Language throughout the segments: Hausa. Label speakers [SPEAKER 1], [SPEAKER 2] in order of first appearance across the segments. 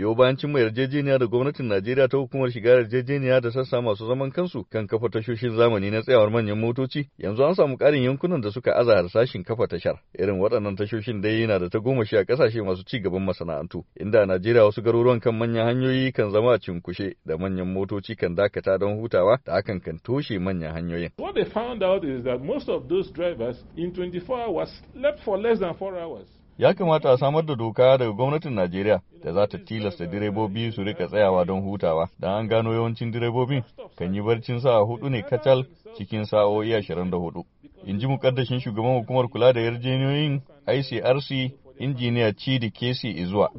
[SPEAKER 1] biyo bayan cimma yarjejeniya da gwamnatin Najeriya ta hukumar shiga yarjejeniya da sassa masu zaman kansu kan kafa tashoshin zamani na tsayawar manyan motoci yanzu an samu karin yankunan da suka aza harsashin kafa tashar irin waɗannan tashoshin dai yana da ta goma shi a ƙasashe masu ci gaban masana'antu inda a Najeriya wasu garuruwan kan manyan hanyoyi kan zama a cinkushe da manyan motoci kan dakata don hutawa da hakan kan toshe manyan hanyoyin.
[SPEAKER 2] What they found out is that most of those drivers in 24 hours slept for less than 4 hours.
[SPEAKER 1] ya kamata a samar da doka daga gwamnatin Najeriya da za ta tilasta direbobi su rika tsayawa don hutawa don an gano yawancin direbobin kan yi barcin sa'a hudu ne kacal cikin sa'o'i ashirin da hudu. In ji mukaddashin shugaban hukumar kula da yarjejeniyoyin ICRC injiniya Chidi Kesi Izuwa.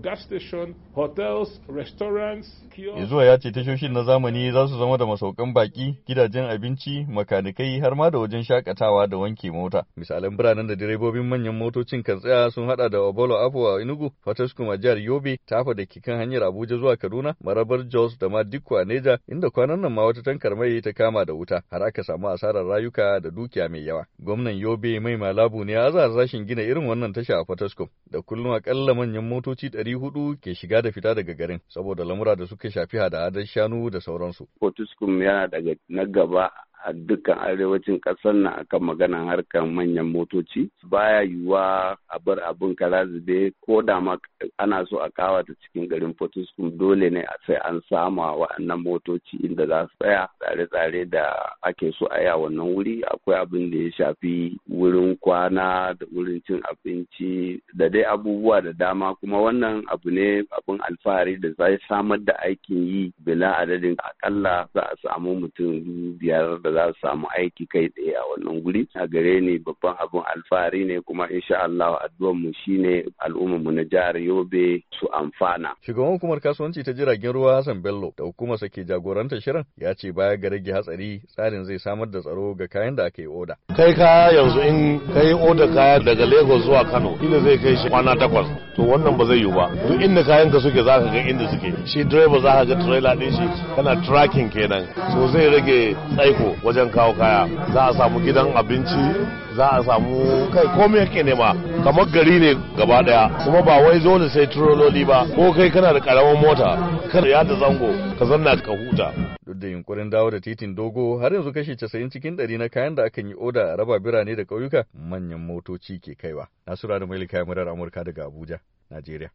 [SPEAKER 1] Izuwa ya ce tashoshin na zamani za su zama da masaukan baki, gidajen abinci, makanikai har ma da wajen shakatawa da wanke mota. Misalan biranen da direbobin manyan motocin kan tsaya sun hada da Obolo Afo a Enugu, a jihar Yobe, Tafa da Kikan hanyar Abuja zuwa Kaduna, Marabar Jos da ma Dikko a Neja, inda kwanan nan ma wata tankar mai ta kama da wuta, har aka samu asarar rayuka da dukiya mai yawa. Gwamnan Yobe mai malabu ne a azar rashin gina irin wannan tasha a Fataskum. da kullum akalla manyan motoci hudu ke shiga da fita daga garin saboda lamura da suka shafi hada-hadar shanu da sauransu.
[SPEAKER 3] Fortiskum yana daga na gaba a dukkan arewacin ƙasar nan akan maganan harkar manyan motoci baya yiwuwa a bar abin kara zube ko da ma ana so a kawata cikin garin Fortescue dole ne a sai an sama wa'annan motoci inda za su tsaya tsare-tsare da ake so a yi a wannan wuri akwai abin da ya shafi wurin kwana da wurin cin abinci da dai abubuwa da dama kuma wannan abu ne abin alfahari da za samar da aikin yi bila adadin akalla za a samu mutum biyar da za su samu aiki kai tsaye a wannan guri a gare ni babban abin alfahari ne kuma insha Allah addu'ar mu shine al'ummar mu na jihar Yobe su amfana shugaban
[SPEAKER 1] hukumar kasuwanci ta jiragen ruwa Hassan Bello da hukumar sa ke jagorantar shirin ya ce baya ga rage hatsari tsarin zai samar da tsaro ga kayan da aka yi oda
[SPEAKER 4] kai kaya yanzu in kai oda kaya daga Lagos zuwa Kano ina zai kai shi kwana takwas to wannan ba zai yiwu ba duk inda kayan ka suke za ka ga inda suke shi direba za ka ga trailer din shi kana tracking kenan so zai rage tsaiko wajen kawo kaya za a samu gidan abinci za a samu kai komai yake nema kamar gari ne gaba daya kuma ba wai zo da sai turololi ba ko kai kana da karamin mota kar ya da zango ka zanna ka huta duk da yunkurin dawo da titin dogo
[SPEAKER 1] har yanzu kashi 90 cikin 100 na kayan da akan yi oda a raba birane da ƙauyuka manyan motoci ke kaiwa nasura da mailika murar amurka daga abuja najeriya